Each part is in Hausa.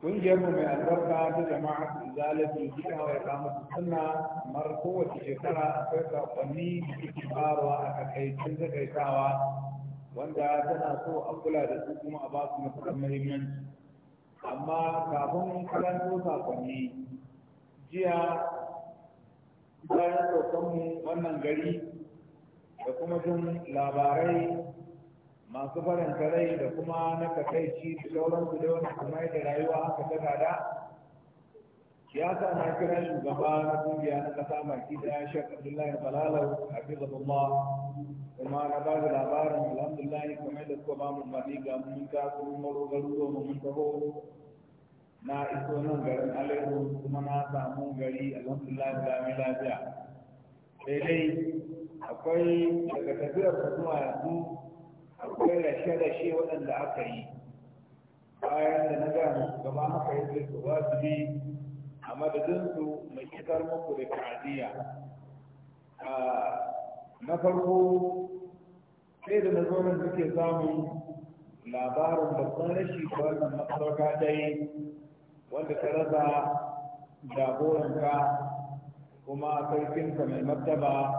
Ƙungiyar mu mai albarka ta jama'a su zalafi gina wa ikamatu suna kamar kowace shekara kai kwanni da suke farawa a takaicin takaitawa wanda tana so a kula da su kuma a ba su matuƙar muhimmanci. Amma kafin karanto sakonni jiya bayan saukanmu wannan gari da kuma jin labarai masu barin karai da kuma na takaici da su da wani kuma da rayuwa haka ta gada ya sa na kira shugaba na kungiya na kasa da ya shek abdullahi balalau a fizabullah kuma na ba da labarin alhamdulahi kuma da suka ba mu mali ga mun ta kuma maro mu mun taho na iso nan garin alaihu kuma na samu gari alhamdulahi da mai lafiya sai dai akwai daga tafiyar zuwa yanzu akwai rashe shi waɗanda aka yi bayan da na gano gama haka ya ce su wajibi a madadinsu mai cikar muku da ta'aziyya na farko sai da na suke samun labarin babban rashi da wannan masarauta wanda ta rasa jagoranka kuma sarkinka mai martaba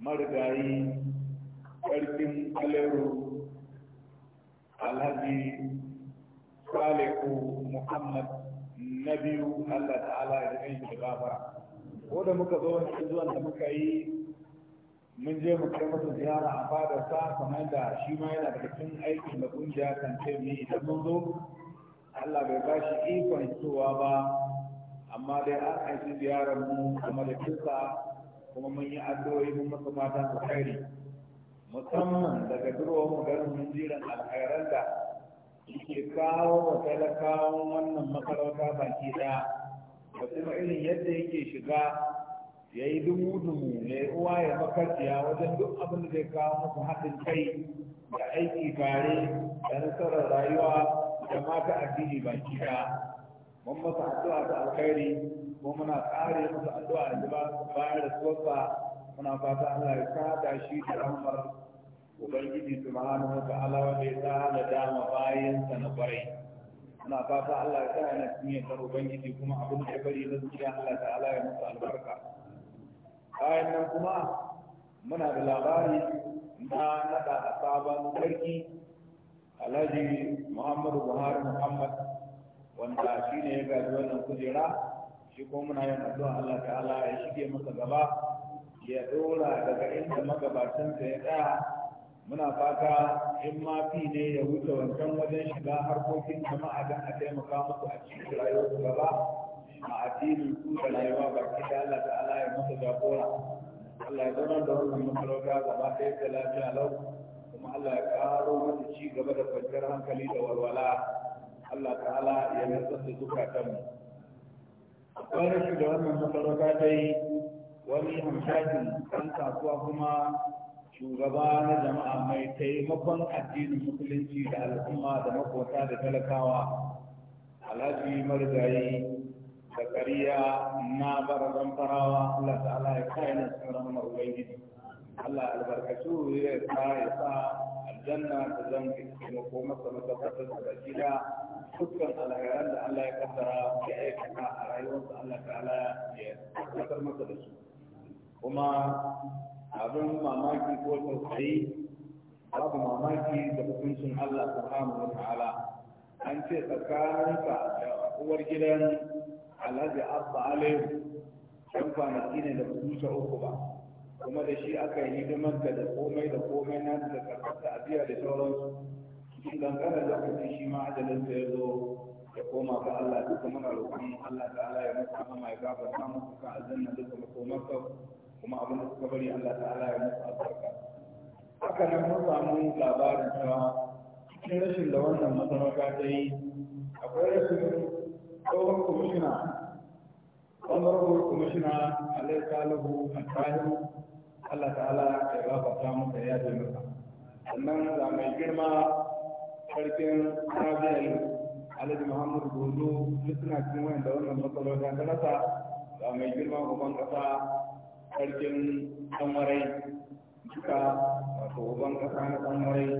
marigayi sarkin alero alhaji Saliku muhammad na biyu allah ta'ala ya zai shi gaba ko da muka zo wani zuwan da muka yi mun je mu kai masa ziyara a fadar sa kamar da shi ma yana da cikin aikin da kungiya kan ce mu idan mun zo allah bai ba shi ikon cewa ba amma dai an aiki ziyarar mu kamar da kisa kuma mun yi addu'o'i mun masa mata alkhairi musamman daga durwa mu garin mun jiran da ke kawo wa talakawan wannan makarauta baki ɗaya da kuma irin yadda yake shiga ya yi dubu dumu ya uwa ya makarciya wajen duk abin da zai kawo musu haɗin kai da aiki tare da nasarar rayuwa da mata addini baki ɗaya mun masa addu'a da alkhairi kuma muna kare masa addu'a da ba bayar da tsofa muna fata Allah ya sada shi da rahmar ubangiji subhanahu wa ta'ala wanda ya sa da dama bayan sa na kwarai muna fata Allah ya sa yana cikin yardar ubangiji kuma abin da ya bari na zuciya Allah ta'ala ya musu albarka bayan nan kuma muna da labari na nada sabon sarki alhaji muhammadu buhari muhammad wanda shi ne ya gaji wannan kujera shi kuma muna yin addu'a Allah ta'ala ya shige masa gaba ya dora daga inda ta ya tsaya muna fata in ma fi ne ya wuce wancan wajen shiga harkokin jama'a don a taimaka musu a cikin rayuwar gaba a addinin su da rayuwa ba ki da Allah ta'ala ya musu jagora Allah ya zama da wannan masarauta gaba ɗaya da lafiya lau kuma Allah ya karo mata ci gaba da kwanciyar hankali da walwala Allah ta'ala ya nutsar da zukatanmu akwai rashin da wannan masarauta ta yi wani hamshakin ɗan kasuwa kuma shugaba na jama'a mai taimakon addinin musulunci da al'umma da makota da talakawa alhaji marigayi da ƙariya na barazan farawa Allah ta'ala ya kai na sauran na ubangiji Allah albarkatu ya sa ya sa aljanna ta zan taimako masa matabbatar da gida dukkan alheran da Allah ya kaddara ya aikata a rayuwarsa Allah ta'ala ya tabbatar masa da su kuma abin mamaki ko tausayi babu mamaki da hukuncin Allah subhanahu wa ta'ala an ce tsakaninka da uwar gidan Alhaji Abba Aliyu ɗan kwanaki ne da wuce uku ba kuma da shi aka yi hidimar da da komai da komai na da karfata a biya da sauransu cikin kankanar lokaci shi ma ajalin ya zo ya koma ga Allah duka muna roƙon Allah ta'ala ya mutu amma ya gafarta muku ka azanna duka makomarsa kuma abin da suka bari Allah ta'ala ya musu albarka haka nan mun samu labarin cewa cikin rashin da wannan masarauta ta yi akwai rashin tsohon kwamishina honorable kwamishina alai salihu a tsarin Allah ta'ala ya gafata masa ya ji masa sannan ga mai girma sarkin Abel Alhaji Muhammad Bozo duk suna cikin wayan da wannan matsalolin ta nasa ga mai girma uban kasa sarkin amurai duka wato uban kasa na amurai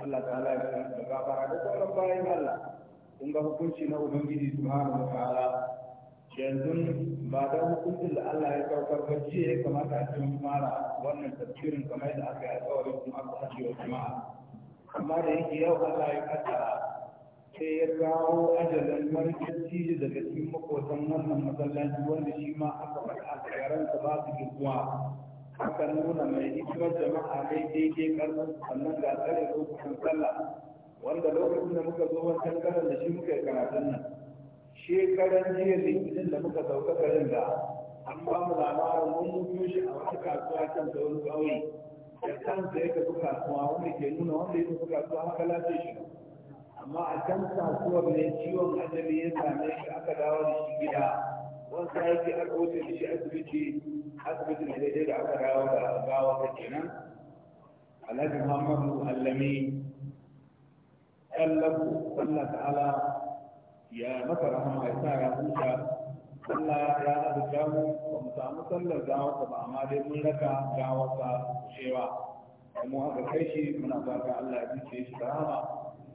Allah ta ta'ala ya san da gafara da sauran bayan Allah kun ga hukunci na Ubangiji subhanahu da ta'ala yanzu ba da hukuncin da Allah ya saukar ba ce ya kamata a cikin mara wannan tafsirin kamar da aka yi alƙawarin kuma aka fashe wa jama'a amma da yake yau Allah ya kaddara sai ya kawo ajalin markin ciji daga cikin makotan wannan masallaci wanda shi ma aka faɗa a tsakaransa ba su gizuwa aka nuna mai hikimar jama'a mai daidai karfin sannan ga tsare lokacin sallah wanda lokacin da muka zo wancan karan da shi muka yi karatun nan shekaran jiya yin da muka sauka garin da an ba mu labarin mun mutu shi a wata kasuwa can da wani ƙauye da kansa ya tafi kasuwa wanda ke nuna wanda ya tafi kasuwa haka lafiya shi amma a can kasuwar ne ciwon ajali ya same shi aka dawo da shi gida ya sarki aka wuce da shi asibiti asibitin daidai da aka dawo da gawa ta kenan alhaji muhammadu allami tsallaku allah ta'ala ya maka rahama ya sa ya huta Allah ya azurta mu ba mu samu sallar ta ba amma dai mun raka ta shewa kuma haka kai shi muna ka Allah ya zuce shi da rahama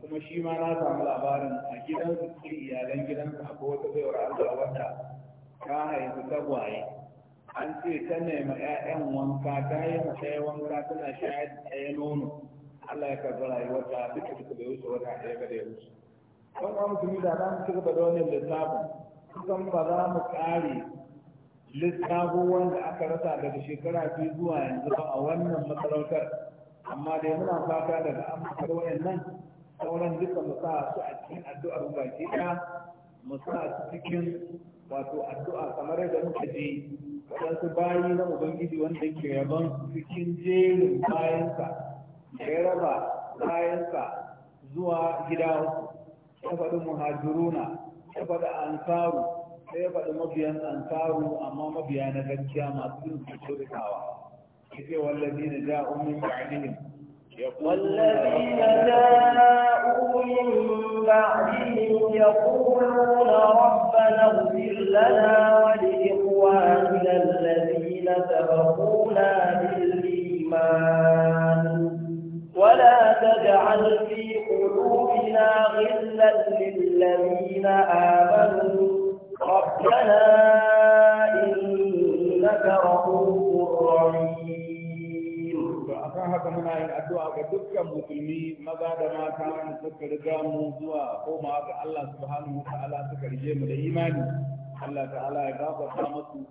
kuma shi ma na samu labarin a gidansu cikin iyalan gidansu akwai wata baiwar Allah wanda ta haifi tagwaye an ce ta nema 'ya'yan wanka ta yi ma ɗaya wanka tana shayar da ɗaya nono Allah ya karɓi rayuwarta duka duka bai wuce wata ɗaya ga da ya wuce. Kan ma musulmi da za mu ci gaba da wannan lissafin kusan ba za mu ƙare lissafo wanda aka rasa daga shekara biyu zuwa yanzu ba a wannan masarautar amma dai muna fata daga an wayan nan. sauran duka mu su a cikin addu'ar baki ɗaya mu sa su cikin wato addu'a kamar yadda muka ji waɗansu bayi na ubangiji wanda ke yaban cikin jerin bayansa da ya raba bayansa zuwa gida ya faɗi muhajiruna ya faɗi ansaru sai ya faɗi mabiyan ansaru amma mabiya na gaskiya masu yin su ya ce wallazi na jaumin min والذين جاءوا من بعدهم يقولون ربنا اغفر لنا ولإخواننا الذين سبقونا yin addu'a ga dukkan musulmi maza da mata mu suka riga mu zuwa komawa ga Allah subhanahu wa ta'ala suka rige mu da imani Allah ta'ala ya gafarta musu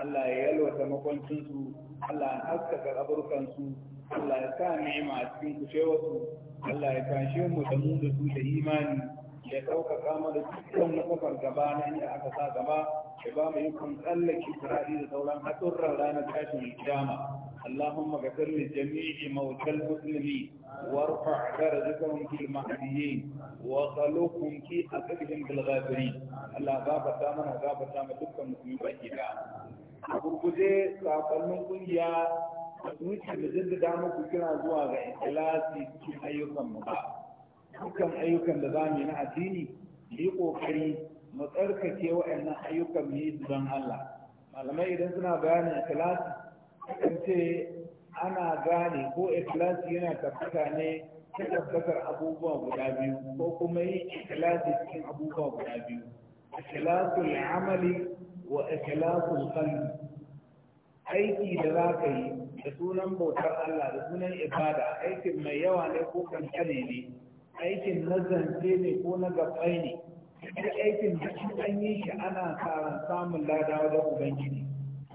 Allah ya yalwata makwancin su Allah ya haskaka kaburkan su Allah ya sa ni'ima a cikin kushewarsu Allah ya kashe mu da mu da su da imani ya ɗaukaka mana dukkan kafar gaba na inda aka sa gaba ya ba mu yankun tsallake turari da sauran haɗurran ranar tashin kiyama اللهم اغفر لجميع موتى المسلمين وارفع درجتهم في المهديين وخلوهم في حسدهم بالغابرين الله غابة تامنا غابة تامنا دكا مسلمين بأيكا أبو كجي كنيا نوشي بجد دامو كنا ga إخلاصي في أيوكم مبارك dukkan ayyukan da za mu yi na addini mu yi ƙoƙari mu tsarkake waɗannan ayyukan mu yi don Allah malamai idan suna a kilasi, sun ce ana gane ko kilasi yana tabbata ne ta tabbatar abubuwa guda biyu ko kuma yi kilasi cikin abubuwa guda biyu kilasin amali wa kilasin qalbi aiki da za ka yi da sunan bautar Allah da sunan ibada aikin mai yawa ne ko kankane ne aikin na zance ne ko na gabai ne duk aikin da shi an yi shi ana karan samun lada wajen ubangiji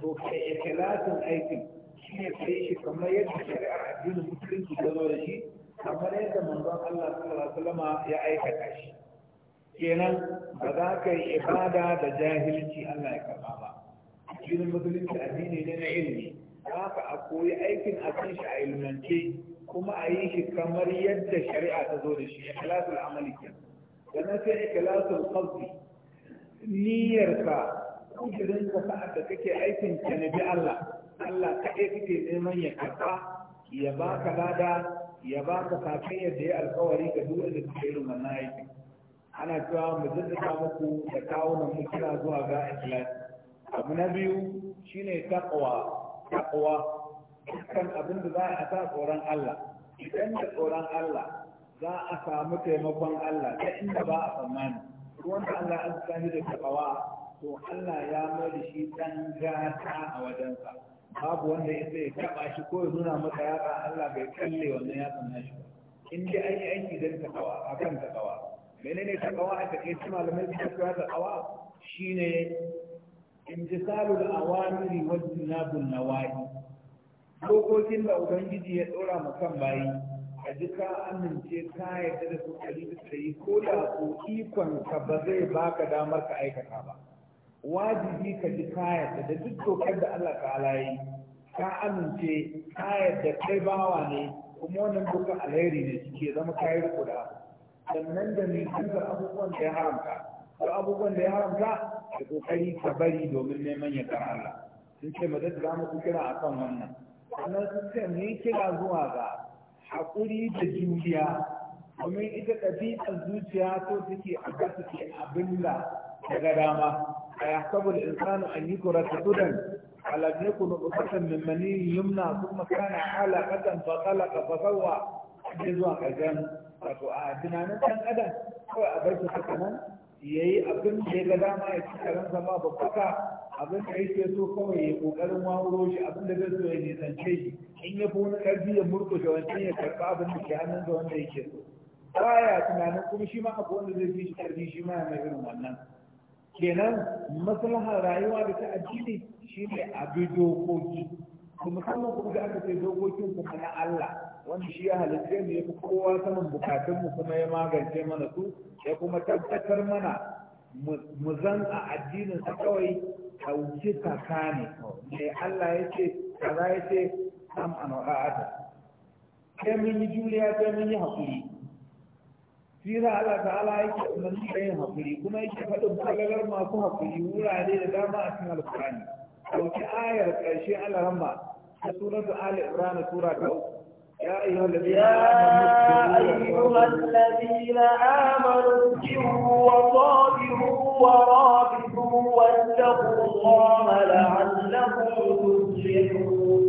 to ke ikilatin aikin shi ne shi kamar yadda shari'ar addinin musulunci ta zo da shi kamar yadda manzon Allah sallallahu alaihi ya aikata shi kenan ba za ka yi ibada da jahilci Allah ya karba ba addinin musulunci addini ne na ilimi haka a koyi aikin a kan shi a ilmance kuma a yi shi kamar yadda shari'a ta zo da shi ikhlasul amali ke sannan sai ikhlasul qalbi niyyarka kudirin ka sa'ad da kake aikin ka bi Allah Allah kaɗai kake neman ya karɓa ya baka lada ya baka kafin yadda ya alkawari ga duk da kake irin wannan aikin ana cewa mu jaddada muku da kawunan mu kira zuwa ga ikhlasi abu na biyu shine taqwa taqwa dukkan abin da za a sa tsoron Allah idan da tsoron Allah za a samu taimakon Allah ta inda ba a tsammani wanda Allah an sani da takawa to Allah ya mai da shi dan gata a wajensa babu wanda ya sai taba shi ko ya nuna maka yaka Allah bai kalle wannan ya tsanna shi ba in dai an yi aiki dan takawa akan takawa menene takawa a take shi malamai suka kira takawa shine imtisalul awamiri wa jinabun nawahi dokokin da ubangiji ya dora ma kan bayi a ji ka amince ka yarda da su da bisa yi ko da ko ikon ka ba zai baka damar ka aikata ba wajibi ka ji ka yarda da duk dokar da Allah ka alayi ka amince ka yarda kai bawa ne kuma wannan dokar alheri ne ke zama ka yi riko da sannan da ni duka abubuwan da ya haramta ko abubuwan da ya haramta da kokari ka bari domin neman yardar Allah sun ce madad za mu kira akan wannan sannan sukan yi kira zuwa ga haƙuri da juriya domin ita ɗabi'ar zuciya ko take a kasa ke abin da daga dama a sabu da insanu an yi kura ta tudan alam yakun ubatan min mani yumna makana ala halaqatan fa khalaqa fa ke zuwa ƙarshen wato a tunanin ɗan adam kawai a bar shi ya yi abin da ya ga dama ya ci karen zama kuka, abin da yake so kawai ya kokarin wawuro shi abin da zai so ya nisance shi in ya fi wani karfi ya da wancan ya karɓa abin da ke hannun da wanda yake so baya tunanin kuma shi ma abu wanda zai fi shi shi ma mai irin wannan kenan maslahar rayuwa da ta addini shi ne abin dokoki kuma musamman kuma da aka ce dokokin kuma na Allah wanda shi ya halitta ne ya kowa saman bukatunmu kuma ya magance mana su ya kuma tabbatar mana mu zan a addinin sa kawai kauci kane ne mai Allah ya ce kaza ya ce sam an wa'ata Kai mun yi juriya kai mun yi hakuri. sira Allah ta'ala ya umarni da yin hakuri, kuma yake faɗin kalalar masu hakuri wurare da dama a cikin alƙur'ani ɗauki ayar ƙarshe Allah ramma ta suratu Ali Imran sura ta uku يا أيها الذين آمنوا اذكروا وصابروا ورابطوا واتقوا الله لعلكم تفلحون.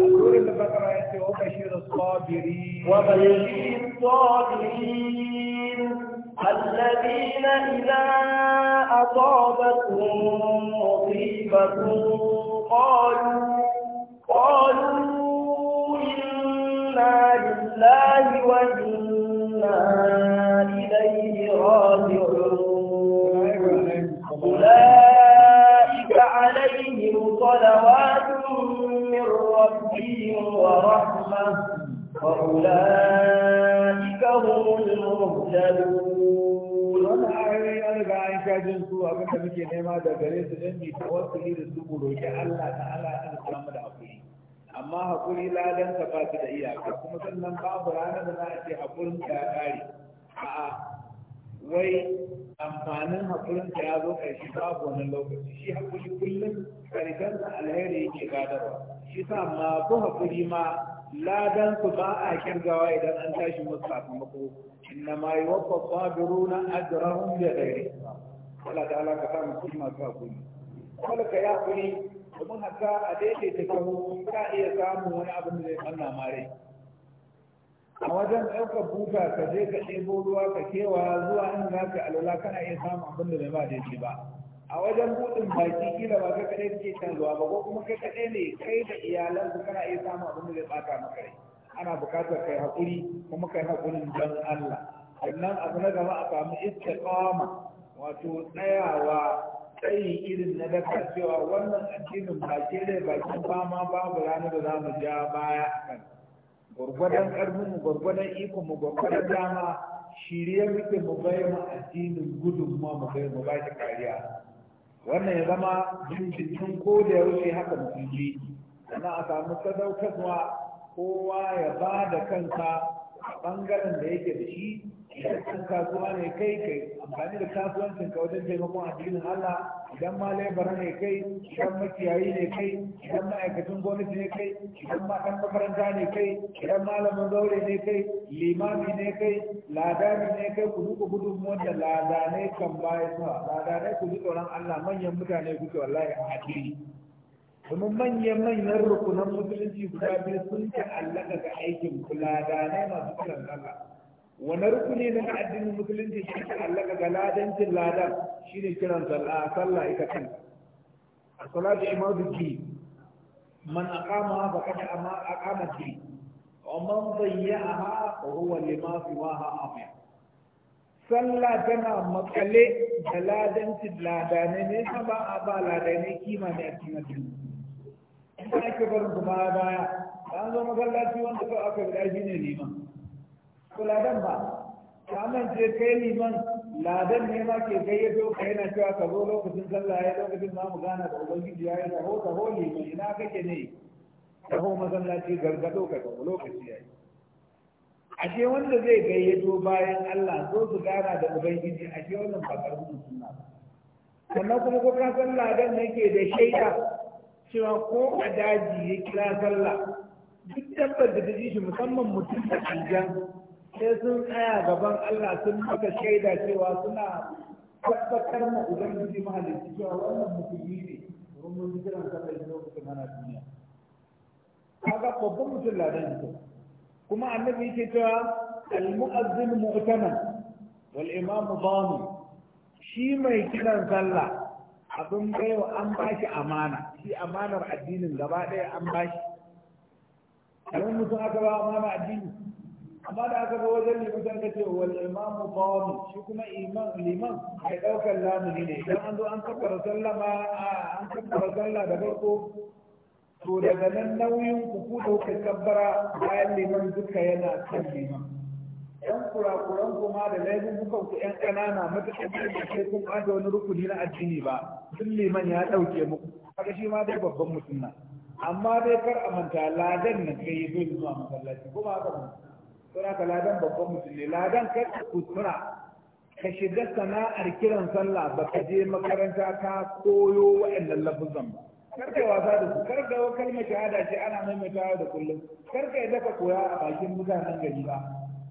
أقول البقرة وبشر الصابرين وبشر الصابرين الذين إذا أصابتهم مصيبة قالوا قالوا لله وإنا إليه راجعون أولئك عليهم صلوات من ربهم ورحمة وأولئك هم المهتدون wannan ayoyi an riga an sha jin su abin da muke nema da gare su don mai tawassuli da su roƙi Allah ta'ala ta samu da akwai amma haƙuri ladan ba ba da iyaka kuma sannan babu ranar da za a ce haƙurin ka ya ƙare a'a wai amfanin haƙurin ka ya zo ƙarshe babu wani lokaci shi haƙuri kullum ƙarshen da alheri yake gadarwa shi sa masu haƙuri ma ladan su ba a kirgawa idan an tashi musu sakamako inna ma yuwaffa sabiruna ajrahum bi ghairi Allah ta'ala ka sa mu kuma ka haƙuri kala ka ya haƙuri domin haka a daidaita kawo ka iya samun wani abin da zai manna mare a wajen ɗaukar buka ka je ka ɗebo ruwa ka kewa zuwa in za ka alwala kana iya samun abin da bai ba daidai ba a wajen buɗin baki kila ba ka kaɗai ke can zuwa ba ko kuma kai kaɗai ne kai da iyalanku kana iya samun abin da zai ɓata maka rai ana buƙatar kai haƙuri kuma kai haƙurin don Allah sannan abu na gaba a samu istiqama wato tsayawa tsayi irin na daga cewa wannan addinin ba ke da bakin fama babu ranar da za mu ja baya a kan gwargwadon mu gwargwadon iko mu gwargwadon dama shirye muke mu bai mu addinin gudunmuwa mu bai mu bashi kariya wannan ya zama jinjin ko da yaushe haka musulmi sannan a samu sadaukarwa kowa ya ba da kansa a ɓangaren da yake da shi idan kan kasuwa ne kai kai amfani da kasuwancin ka wajen taimakon addinin Allah idan ma lebara ne kai idan makiyayi ne kai idan ma'aikacin gwamnati ne kai idan ma ɗan makaranta ne kai idan malamin zaure ne kai limami ne kai ladani ne kai ku duka gudun wanda ladanai kan baya suwa ladanai ku ji tsoron Allah manyan mutane kuke wallahi a hadiri domin manyan manyan rukunan musulunci guda biyu sun ta'allaka ga aikin ku da masu kiran Allah wani rukuni ne na addinin musulunci shi ke allaka ga ladancin ladan shi ne kiran sallah sallah ita kan a salatu imadu ki man aqama fa qad aqama ki wa man dayya'aha fa huwa lima siwaha afiya sallah tana makale da ladancin ladane ne ta ba a ba ladane kima ne a cikin addini in ake barin kuma baya an zo masallaci wanda aka ga shi ne neman. ko ladan ba kamar amince kai liman ladan ne ma ke kai ya ka yana cewa ka zo lokacin sallah ya lokacin ma mu gana da ubangiji ya yi taho taho mai ina kake ne taho masallaci gargado ka taho lokaci ya yi ashe wanda zai gayyato bayan Allah so su gana da ubangiji ashe wannan ba karfin sunna ba sannan kuma ko kan san ladan ne ke da shaida cewa ko a daji ya kira sallah duk dabbar da ta ji shi musamman mutum da aljan sai sun tsaya gaban Allah sun maka shaida cewa suna tabbatar ma ubangiji mahalicci cewa wannan musulmi ne domin mun ji kiran sallar da lokacin mana duniya kaga babban mutum ladan ne kuma annabi yake cewa al-mu'azzin mu'taman wal imamu dhani shi mai kiran sallah abin baiwa an bashi amana shi amanar addinin gaba daya an bashi kamar mutum aka ba amana addinin? amma da aka ga wajen liman ka ce wal imamu qamu shi kuma iman liman ai daukar lamuni ne idan an zo an kabbara sallah an kabbara sallah da farko to daga nan nauyin ku ku dauka kabbara bayan liman duka yana kan liman yan kurakuran kuma da laifin kukan ku yan kanana matakan da ke kun ɓata wani rukuni na addini ba duk liman ya dauke muku kaga shi ma dai babban mutum na amma dai kar a manta ladan nan kai bai zuwa masallaci kuma haka saboda ladan babban mutum ne ladan kar ka kuskura ka shiga sana'ar kiran sallah ba ka je makaranta ka koyo wa'annan lafuzan ba kar wasa da su kar wa kalmar shahada ce ana maimaita da kullum kar yadda ka koya a bakin mutanen gari ba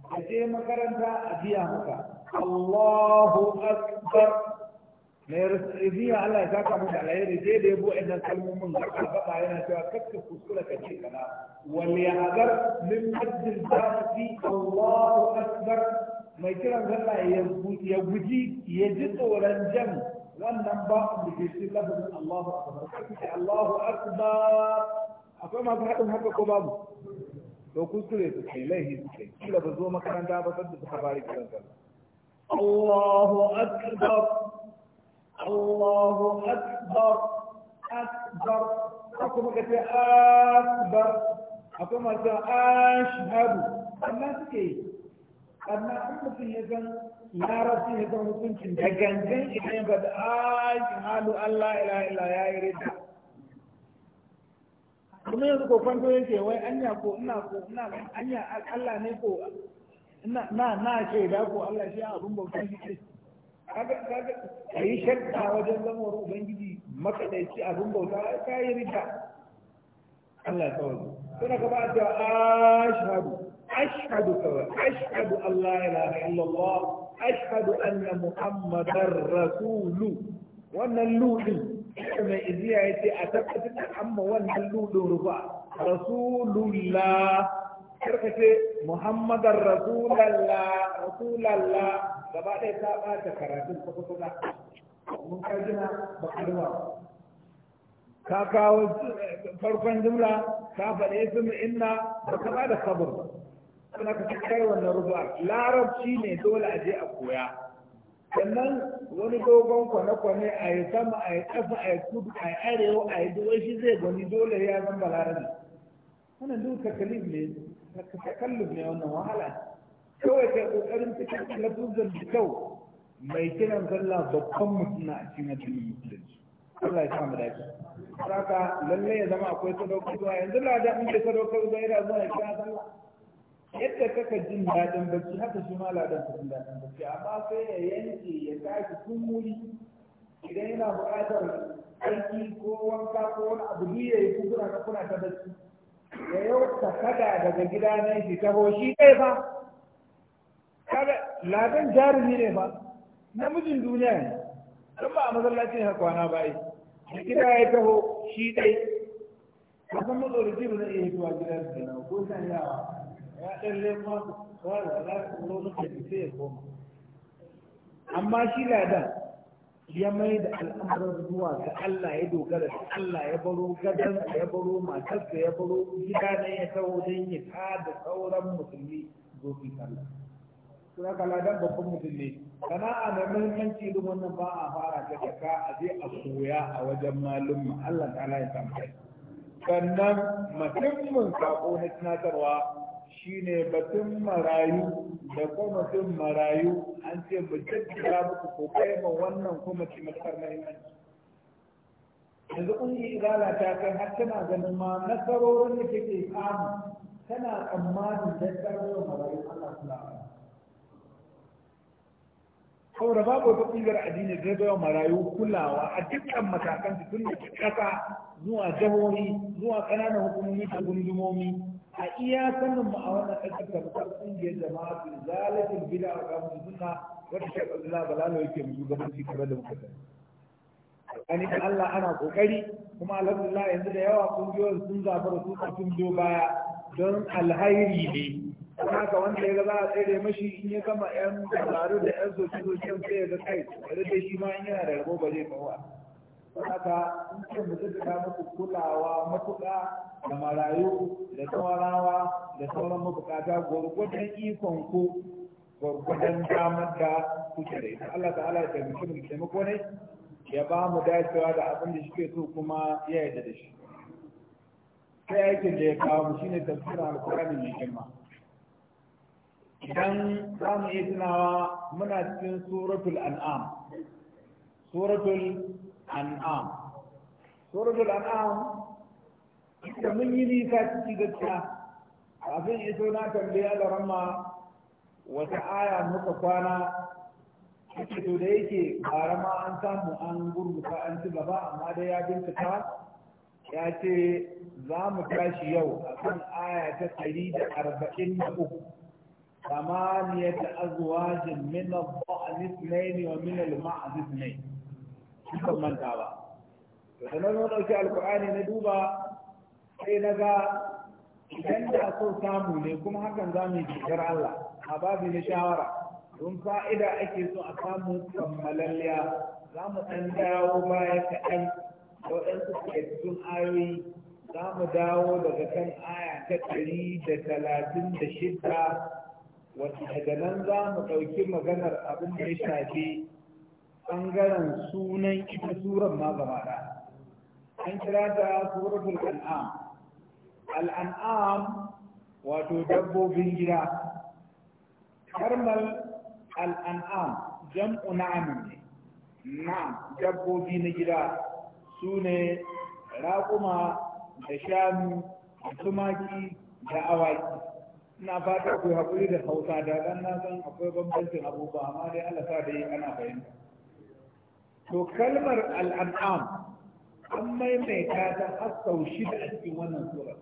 ka je makaranta a biya maka Allahu akbar mai riziya Allah ya saka mu da alheri sai da ya bu innan kalmomin da ka faɗa yana cewa kakka kuskura ka ce kana wal yahzar min maddil zati Allahu akbar mai kiran Allah ya guji ya ji tsoron jan wannan ba da ke cikin lafazin Allahu akbar kake Allahu akbar akwai masu haɗin haka ko babu to kuskure su kai laihi su kai kila ba zo makaranta ba san da suka fara kiran sallah Allahu akbar Allahu akbar akbar aku maka ce akbar aku maka ashhadu amma da gangan idan ba da ashhadu Allah ilaha yanzu ko kwanto yake wai anya ko ina ko ina anya Allah ne na na ko Allah shi a rumbo kan ka yi shakka wajen zamawar ubangiji makaɗaici abin bauta ka yi rida Allah ta wani. suna ka ba ta ashadu ashadu kawai ashadu Allah ya lafi illallah ashadu anna muhammadar rasulu wannan ludin ita mai iziya ya ce a tabbatar da amma wannan ludin rufa rasulullah karkace muhammadar rasulallah rasulallah gaba ɗaya ta ɓata karatun kusa kusa mun ka gina ba ka ka kawo eh, farkon jumla ka faɗi ismin inna ba ka ba da sabon ba suna ka cikar wannan rubuwa larabci ne dole a je a koya sannan wani dogon kwane-kwane a yi sama a yi ƙasa a yi kudu a yi arewa a yi duwai shi zai gani dole ya zan balarabi wannan duk takalif ne takalluf ne wannan wahala kawai ka ƙoƙarin cikin da lafuzan da kyau mai kiran sallah babban mutum a cikin addinin musulunci Allah ya samu dace saka lalle ya zama akwai sadaukar zuwa yanzu da in da sadaukar zuwa yana zuwa ya kira sallah yadda kaka jin daɗin bacci haka shi ma ladan ka jin daɗin bacci amma sai ya yanke ya tashi sun wuri idan yana buƙatar aiki ko wanka ko wani abu duk ya yi kuna ta bacci ya yau ta kada daga gida na shi ta hoshi kai fa kaga ladan jarumi ne ba namijin duniya ne don ba a masallacin ha kwana ba ai da gida ya taho shi dai ka san matsoraci ba zai iya hituwa gida da na ko san ya ya ɗan lemma su kawai da za su zo suka ji sai ya koma amma shi ladan ya mai da al'amuran zuwa ga Allah ya dogara da Allah ya baro gadon ya baro matarsa ya baro gida ne ya taho don ya da sauran musulmi zo fi sallah suna kaladan babban mutum ne sana'a mai muhimmanci irin wannan ba a fara ta daga a je a koya a wajen malumma Allah ta'ala ya samu kai sannan mutumin sako na tunatarwa shine batun marayu da kwamitin marayu an ce ba jaddada muku ko kai ba wannan kwamitin matakar muhimmanci yanzu yi igala ta kai har tana ganin ma nasarorin da take samu tana tsammanin nasarorin marayu Allah ta saboda babu wata ƙungiyar addini da zai marayu kulawa a dukkan matakan su tun daga ƙasa zuwa jihohi zuwa ƙananan hukumomi da gundumomi a iya sanin mu a wannan ƙasar ta fitar ƙungiyar jama'a su zalatin gida a kamun suna wata shaƙa zula balalo yake mu shugabanci kamar da muka sani. Ani da Allah ana ƙoƙari kuma alhamdulillah yanzu da yawa ƙungiyoyin sun zaɓar su sun biyo baya don alhairi ne haka wanda ya za a tsere mashi in ya kama yan dabaru da yan soci sociyan sai ya ga kai da dai shi ma in yana da rabo ba zai kawo haka in ce mutum da muku kulawa matuƙa da marayu da tsawarawa, da sauran mabukata gwargwadon ikon ku gwargwadon damar da kuke da ita Allah ta'ala ya taimaki mu taimako ne ya ba mu dacewa da abin da suke so kuma ya yarda da shi sai aikin da ya kawo mu shine tafsirin alkurani mai girma idan za mu iya tunawa muna cikin suratul an'am suratul an'am suratul an'am da mun yi nisa ciki gaskiya kafin iso na tambaya da rama wata aya muka kwana ake to da yake karama an samu an gurguta an ci gaba amma dai ya bincika ya ce za mu tashi yau a kan aya ta ɗari da arba'in da uku ثمانية أزواج من الضأن اثنين ومن المعز اثنين شكرا من تابع فلما نوكي القرآن ندوبا sai na ga idan da so samu ne kuma hakan za mu yi Allah a babu na shawara don fa'ida ake so a samu kammalalliya za mu ɗan dawo baya kaɗan waɗansu cikin ayoyi za mu dawo daga kan aya ta ɗari da talatin da shida. wata daga nan za mu ɗauki maganar abin da ya shafi ɓangaren sunan ita suran ma gaba an kira ta suratul an'am al'an'am wato dabbobin gida karmal al'an'am jam'u na'am ne na'am dabbobi na gida sune ne raƙuma da shanu da tumaki da awaki ina fata ku haƙuri da hausa da dan na san akwai bambancin abubuwa amma dai Allah sa dai ana fahimta to kalmar al'an'am an maimaita ta har sau shida a cikin wannan sura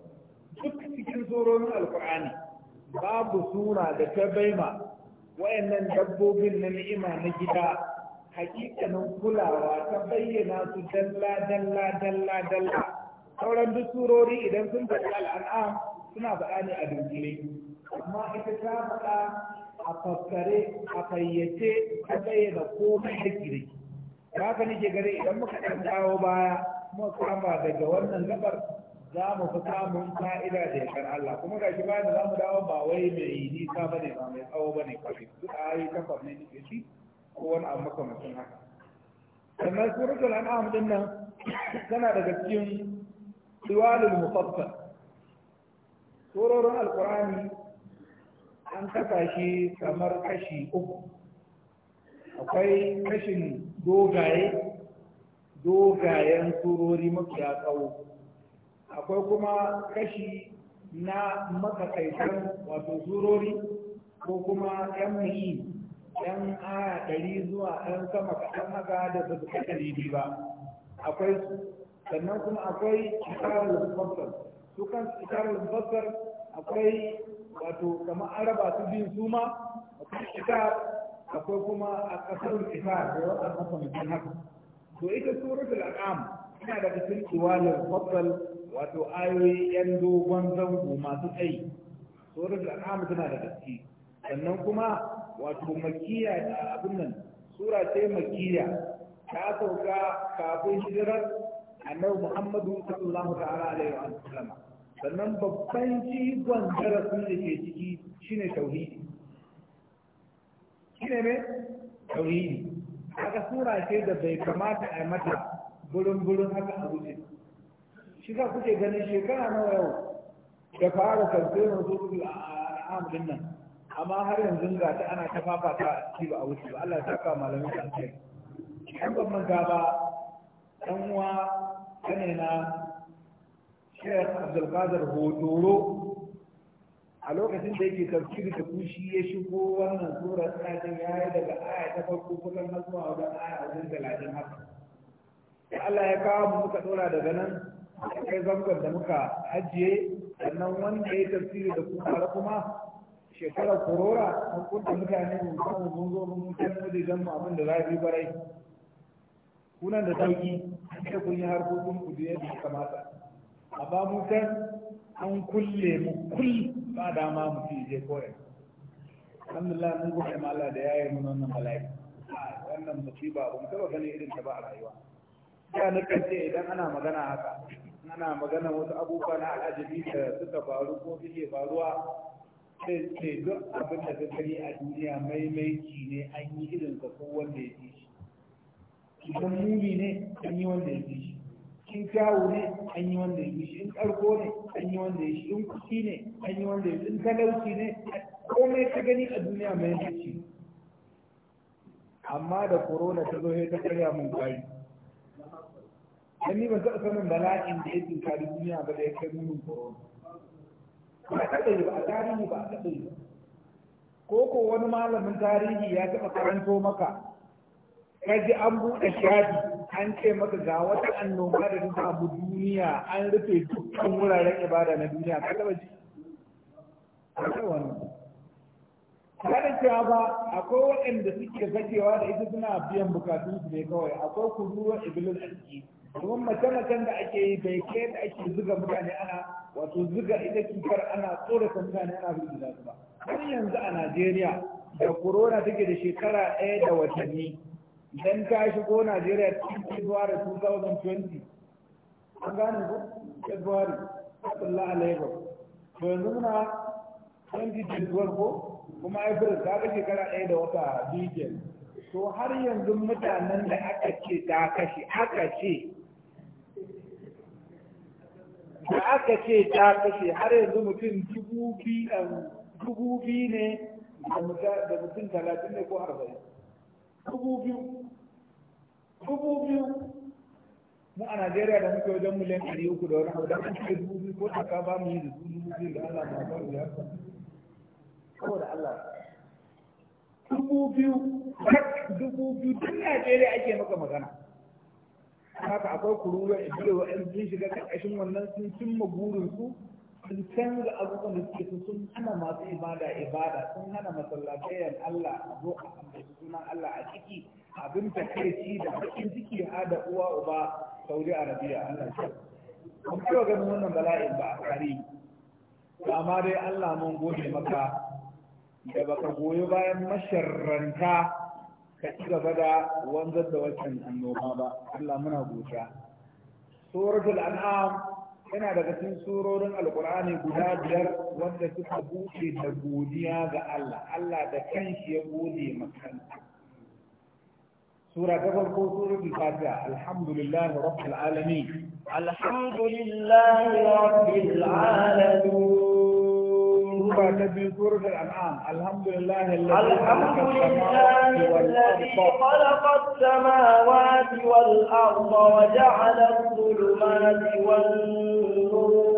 duk cikin surorin alkur'ani babu sura da ta baima wayannan dabbobin na ni'ima na gida hakikanin kulawa ta bayyana su dalla dalla dalla dalla sauran duk surori idan sun faɗi al'an'am suna faɗa ne a dunkule amma ita ta faɗa a fassare a fayyace a tsaye da komai da kiri ba ka nake gare idan muka ɗan dawo baya muka kama daga wannan gabar za mu fi samun fa'ida da yakar Allah kuma ga shi bayan da za mu dawo ba wai mai nisa ba ne ba mai tsawo ba ne kwafi duk a yi takwas ne nake shi ko wani abu makamacin haka sannan suratul an'am nan tana daga cikin diwalul mufassar surorin alkur'ani an kasa shi kamar kashi uku akwai kashin dogaye dogayen surori mafiya tsawo akwai kuma kashi na makasaitan wato surori ko kuma yan mai yan aya ɗari zuwa 'yan sama kaɗan haka da ba su ba akwai sannan kuma akwai kitabu mufassal su kan su karar akwai wato kamar an su biyun su ma akwai shikar akwai kuma a ƙasar isa da yawan al'asamcin haka to ita suratul al'am ina daga cikin iwalar fasal wato ayoyi yan dogon zango masu tsayi suratul al'am tana da gaske sannan kuma wato makiya da abin nan sura ce makiya ta sauka kafin hijirar annabi muhammadu sallallahu ta'ala alaihi wa sallam. sannan babban jigon darasin da ke ciki shine tauhidi shine ne tauhidi aka sura ce da bai kamata a mata burin-burin haka a wuce shi za kuke ganin shekara nawa yau da fara kamfenin zuwa al'amurin nan amma har yanzu ga ta ana ta ta ci ba a wuce ba Allah ya saka malamin da alkhairi an ban ba dan uwa kanina shekh abdulkadir hotoro a lokacin da yake tafsiri da kushi ya shigo wannan surar tsakin ya yi daga aya ta farko kusan na zuwa wajen aya wajen talatin haka Allah ya kawo mu muka dora daga nan kai zangon da muka ajiye sannan wanda ya tafsiri da kuma kuma shekarar korora an kunta mutane mun samu mun zo mun mutan wajen mu abin da za yi barai kunan da sauki sai kun yi harkokin ku da yadda kamata amma mu kan an kulle mu kul ba dama mu fi je koyar alhamdulillah mun gode ma Allah da yayi mun wannan bala'i wannan musiba mu taba gani irin ta ba a rayuwa ya na kace idan ana magana haka ana magana wasu abubuwa na al'ajabi da suka faru ko suke faruwa sai ce duk abin da ka gani a duniya maimaiki ne an yi irin ka ko wanda ya fi shi idan muni ne an yi wanda ya fi shi in kawo ne an yi wanda ya shi in karko ne an yi wanda ya shi in kuki ne an yi wanda ya shi in talauci ne komai ka gani a duniya mai yanci amma da korona ta zo ta karya mun kwari dan ni ban taɓa sanin bala'in da ya tunkari duniya ba da ya kai mun korona ba a taɓa yi ba a tarihi ba a taɓa yi ba ko ko wani malamin tarihi ya taɓa karanto maka kaji an buɗe shafi an ce maka ga wata annoba da ta abu duniya an rufe dukkan wuraren ibada na duniya ka taba ji ka wannan kada cewa ba akwai waɗanda suke zakewa da ita suna biyan bukatun su ne kawai akwai kururuwar iblis a ciki domin mace macen da ake yi bai kai da ake zuga mutane ana wato zuga ita cutar ana tsorata mutane ana zuga su ba har yanzu a najeriya da corona take da shekara ɗaya da watanni idan ka shigo Najeriya cikin February 2020 an gane ko February Allah alaikum to yanzu muna 2021 ko kuma April ta ga shekara ɗaya da wata biyu to har yanzu mutanen da aka ce ta kashe aka ce da aka ce ta kashe har yanzu mutum dubu biyu ne da mutum talatin ne ko arba'in dubu biyu biyu mu a najeriya da muke wajen miliyan ɗari uku da wani abu da an ce dubu biyu ko ka ba mu yi da dubu biyu da allah ma ba mu ya saboda allah dubu biyu dubu biyu duk najeriya ake maka magana haka akwai kururuwa ibirewa yan sun shiga ƙarƙashin wannan sun cimma burinsu sun canza abubuwan da suke sun hana masu ibada ibada sun hana masallatai Allah a zo a sunan Allah a ciki abin da kai ci da bakin ciki har da uwa uba Saudi Arabia Allah ya mun kiwa ganin wannan bala'in ba a kare amma dai Allah mun gode maka da baka goyi bayan masharranta ka ci gaba da wanzar da wancan annoba ba Allah muna godiya suratul an'am yana daga cikin surorin alkur'ani guda biyar wanda suka buɗe da godiya ga Allah Allah da kanshi ya gode ma سورة كفر سورة الفاتحة الحمد لله رب العالمين الحمد لله رب العالمين سورة كفر سورة الأنعام الحمد لله الحمد لله الذي خلق السماوات والأرض وجعل الظلمات والنور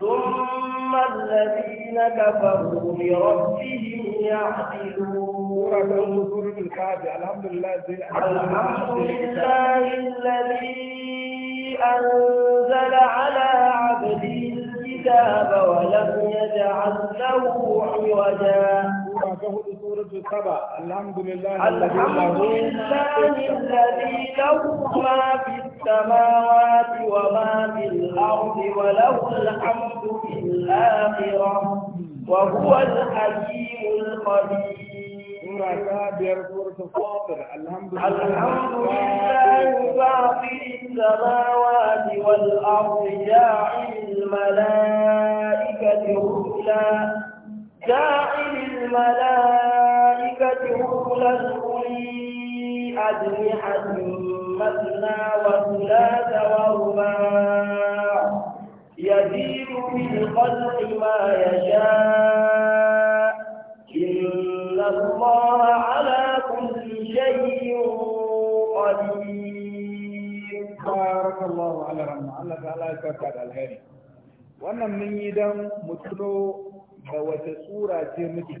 ثم الذين كفروا بربهم يعدلون سورة سورة الكعبة الحمد لله الحمد لله الذي أنزل على عبده الكتاب ولم يجعل له عوجا سورة السبع الحمد لله الحمد لله الذي له ما في السماوات وما في الأرض وله الحمد في الآخرة وهو الحكيم القدير سورة تابير سورة الفاطر الحمد لله الحمد لله باطل السماوات والأرض جاعل الملائكة رسلا جاعل الملائكة رسلا أولي أجنحة مثنى وثلاث ورباع يزيد في الخلق ما يشاء wannan mun yi don mutuno tuno da wata tsura ce muke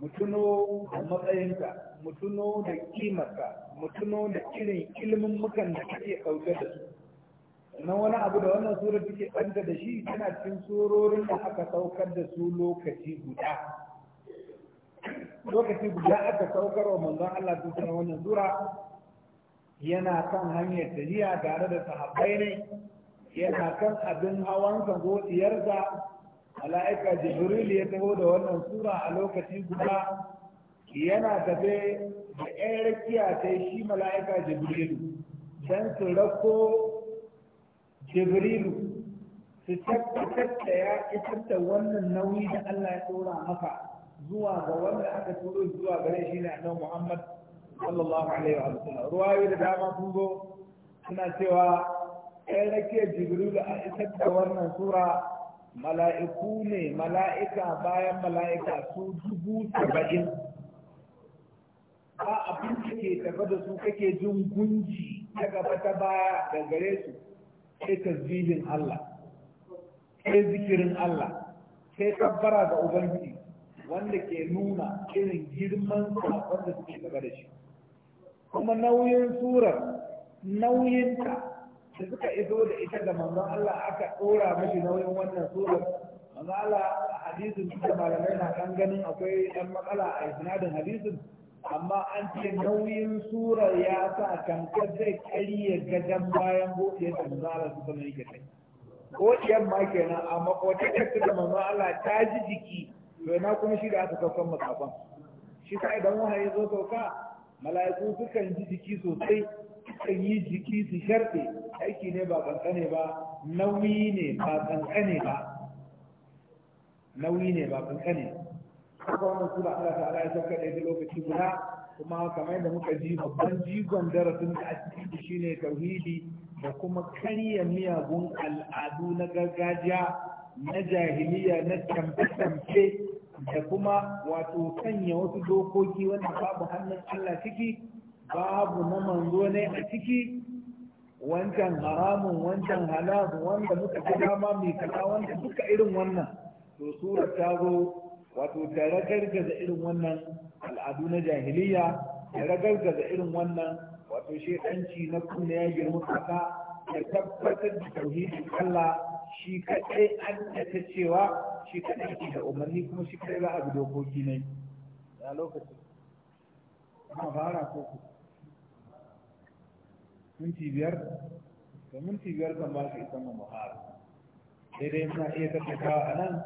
mutuno da matsayinka mutuno da kimarka mutuno da irin ilimin mukan da kake ɗauke da su na wani abu da wannan sura take ɗanta da shi tana cikin tsororin da aka saukar da su lokaci guda lokaci guda aka saukar wa manzon Allah su sanar wannan sura yana kan hanyar tafiya tare da sahabbai ne yana kan abin hawansa ko diyarsa mala'ika jibril ya taho da wannan sura a lokaci guda yana tafe da ɗan rakiya ta shi mala'ika jibrilu don su rako jibrilu su tabbatar da ya wannan nauyi da Allah ya tsora maka zuwa ga wanda aka turo zuwa gare shi ne annabi Muhammad sallallahu alaihi wa sallam ruwayoyi da dama sun zo suna cewa ɗan rake jibril a isar da wannan sura mala'iku ne mala'ika bayan mala'ika su dubu saba'in ba abin da ke tafa da su kake jin gunji ta gaba ta baya da gare su sai tasbihin Allah sai zikirin Allah sai tabbara ga ubangi wanda ke nuna irin girman saƙon da suke gaba da shi kuma nauyin surar nauyinta da suka iso da ita da manzon Allah aka ɗora mashi nauyin wannan surar manzon Allah a hadisin da malamai na kan ganin akwai ɗan matsala a isnadin hadisin amma an ce nauyin surar ya sa kankan zai karye gajen bayan godiyar da manzon Allah su zama yake ma kenan amma ko da manzon Allah ta ji jiki to ina kuma shi da aka saukan makafan shi sa idan wahayi zo sauka mala'iku sukan ji jiki sosai sukan yi jiki su sharɗe aiki ne ba kankane ba nauyi ne ba kankane ba nauyi ne ba kankane haka wannan sura Allah ta'ala ya sauka da lokaci guda kuma kamar yadda muka ji babban jigon darasin da a cikin shine tauhidi da kuma kanyan miyagun al'adu na gargajiya na jahiliya na tamfe-tamfe da kuma wato sanya wasu dokoki wanda babu hannun Allah ciki babu na manzo ne a ciki wancan haramun wancan halal wanda muka ga dama mai kaza wanda duka irin wannan to sura ta zo wato ta da irin wannan al'adu na jahiliya ta da irin wannan wato shedanci na kunne ya girma kaka ya tabbatar da tauhidin Allah shi kaɗai an ta cewa shi kaɗai yake da umarni kuma shi kaɗai za a bi dokoki ne a lokacin ana fara ko ku minti biyar da minti biyar kan ba su isa mu muhara sai dai muna iya tattakawa a nan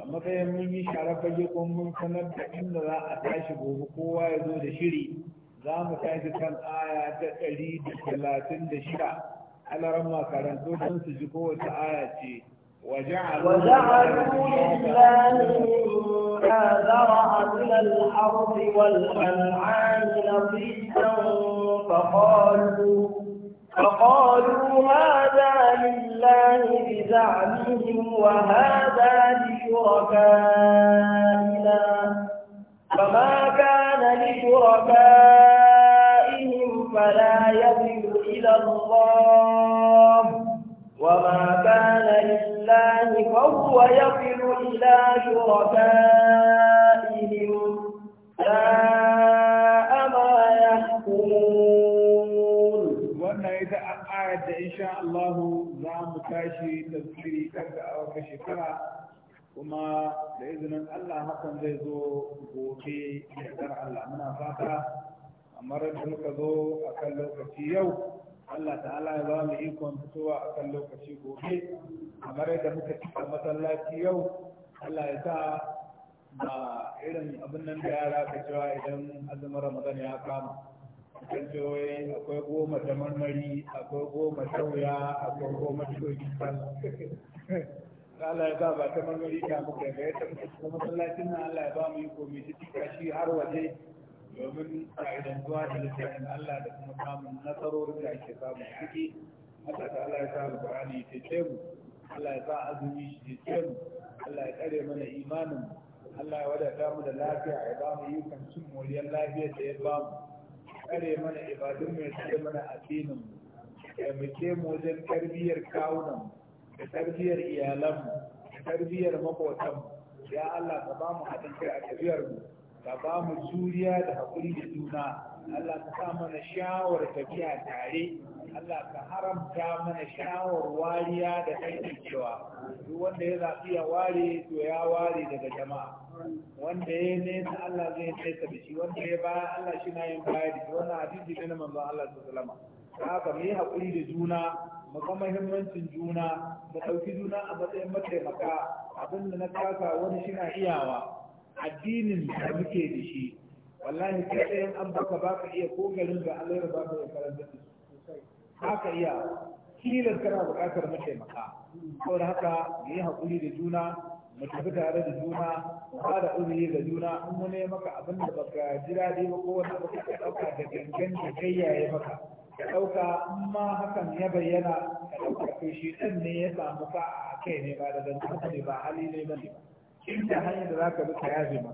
Amma matsayin mun yi sharar fage ko mun sanar da inda za a tashi gobe kowa ya zo da shiri za mu tashi kan aya ta ɗari da talatin da shida alaran makarantu don su ji kowace aya ce وجعلوا لله مما من الحرث والأنعام نصيبا فقالوا فقالوا هذا لله بزعمهم وهذا لشركائنا فما كان لشركائهم فلا يصل إلى الله وما كان لشركائهم الله فهو يصل إلى شركائهم ساء ما يحكمون wannan ita ayar da insha Allah za mu tashi tafsiri kan da aka shekara kuma da izinin Allah hakan zai zo gobe da Allah muna fata amma da muka zo akan lokaci yau Allah ta'ala ya ba mu ikon fitowa a kan lokaci gobe kamar yadda muka ci a masallaci yau Allah ya sa ba irin abin nan da yara ka cewa idan azumin ramadan ya kama kan cewa akwai goma ta marmari akwai goma ta wuya akwai goma ta doki Allah ya sa ba ta marmari ta muka ga ya tafi kuma masallacin nan Allah ya ba mu iko mai shi har waje domin ƙa'idan zuwa da littafin Allah da kuma samun nasarorin da ake samun ciki Allah ta Allah ya sa alƙur'ani ya cece mu Allah ya sa azumi ya cece mu Allah ya tsare mana imanin Allah ya wadata mu da lafiya ya ba mu yukan cin moriyar lafiyar da ya ba mu tsare mana ibadun mu ya tsare mana addinin mu ya muke mu wajen tarbiyyar kawunan mu da tarbiyyar iyalan mu da tarbiyyar maƙotan mu ya Allah ka ba mu haɗin kai a tafiyar mu ka ba mu juriya da haƙuri da juna Allah ka sa mana shawar tafiya tare Allah ka haramta mana shawar wariya da cewa duk wanda ya zaɓi ya ware to ya ware daga jama'a wanda ya nesa Allah zai nesa da shi wanda ya baya Allah shi na yin baya da shi wannan hadisi ne na manzon Allah sallallahu alaihi wasallam haka mu yi haƙuri da juna mu ga muhimmancin juna mu ɗauki juna a matsayin mataimaka abinda na kasa wani shi na iyawa addinin da muke da shi wallahi kai ɗayan an baka ba ka iya ko garin da Allah ya ba ya karanta da haka iya kilan kana buƙatar mataimaka saboda haka mu yi haƙuri da juna mu tafi tare da juna ba da uzuri ga juna in wani maka abin da baka ji daɗi ba ko wani abu ka ɗauka da gangan da kai yaye maka ka ɗauka in hakan ya bayyana ka ɗauka to shi ne ya samu ka a kai ne ba da dangantan ne ba hali ne ba ne ba inda hanyar da za ka bi ka yafe ma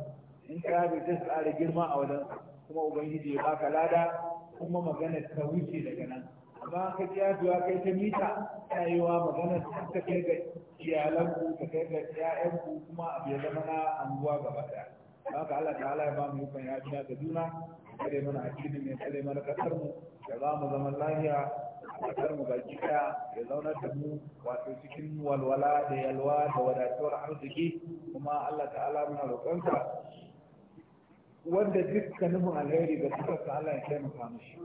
in ka yafe ta tsara girma a wajen kuma ubangiji ya baka lada kuma magana ta wuce daga nan amma ka ji yaduwa kai ta mita ta yi wa magana ta kai ga iyalanku ta kai ga ƴaƴanku kuma abu ya zama na anguwa gaba ɗaya haka Allah ta'ala ya ba mu yukan yafiya ga juna kare mana addini ne kare mana kasar mu ya ba mu zaman lahiya. kwatar mu baki daya ya zauna da mu wato cikin walwala da yalwa da wadatuwar arziki kuma Allah ta'ala muna roƙonsa wanda dukkanin mu alheri ga kasarsa Allah ya taimaka mishi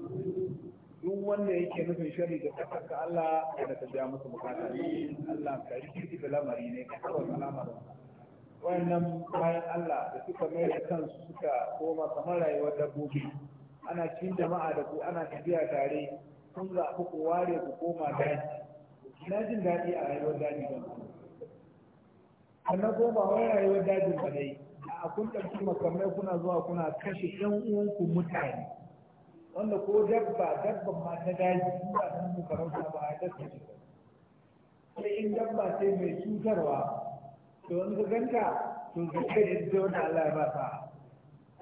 duk wanda yake nufin shari da kasarsa Allah kada ka biya musu bukata Allah ka shi da lamari ne ka kawo da Wannan bayan Allah da suka mai da kansu suka koma kamar rayuwar dabbobi ana cin jama'a da ku ana tafiya tare kun zaɓi ku ware ku koma daji na jin daɗi a rayuwar daji ba sannan na ba wai rayuwar daji ba dai a kun ɗauki makamai kuna zuwa kuna kashe uwan uwanku mutane wanda ko dabba dabban ma ta daji ba nan mu ta ba a dabba ce sai in dabba sai mai cutarwa to wani ka ganta to zai kai da ita wani Allah ya ba ta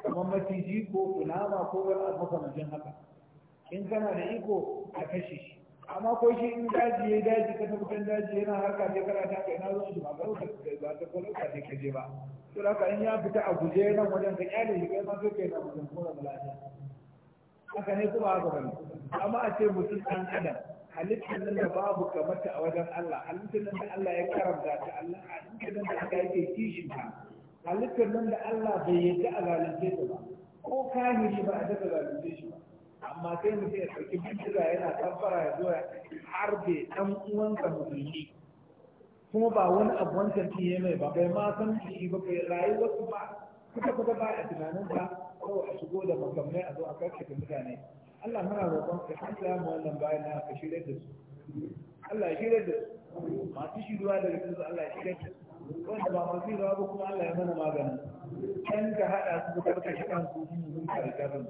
kamar maciji ko kunama ko wani abu jin haka in kana da iko a kashe shi amma ko shi in daji ya daji ka tabbatar daji yana harka sai kana ta kai na zo shi ba ka kai ba ta kwalo ka ka je ba to haka in ya fita a guje nan wajen ka kyale shi kai ma ka kai na wajen kuma da haka ne kuma haka bane amma a ce mutum dan adam halittar nan da babu kamata a wajen Allah halittar nan da Allah ya karanta ta Allah halittar nan da aka yake kishin ta halittar nan da Allah bai yadda a zalunce ta ba ko kahiri ba a daga zalunce shi ba amma sai mu sai ɗauki bincika yana tabbara ya zo har da ɗan uwansa musulmi kuma ba wani abu wancan ya mai ba bai ma san shi ba bai rayu wasu ba kuka kuka ba a tunanin ba ko a shigo da makamai a zo a kashe karkata mutane Allah muna roƙon ka hanta mu wannan bayan na ka shirya da su Allah ya shirye da su masu shiruwa daga cikin Allah ya shirye da su wanda ba masu shiruwa ba kuma Allah ya mana maganin kan ka haɗa su ka karkashe kansu mun mun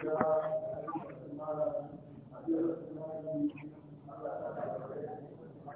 Thank you.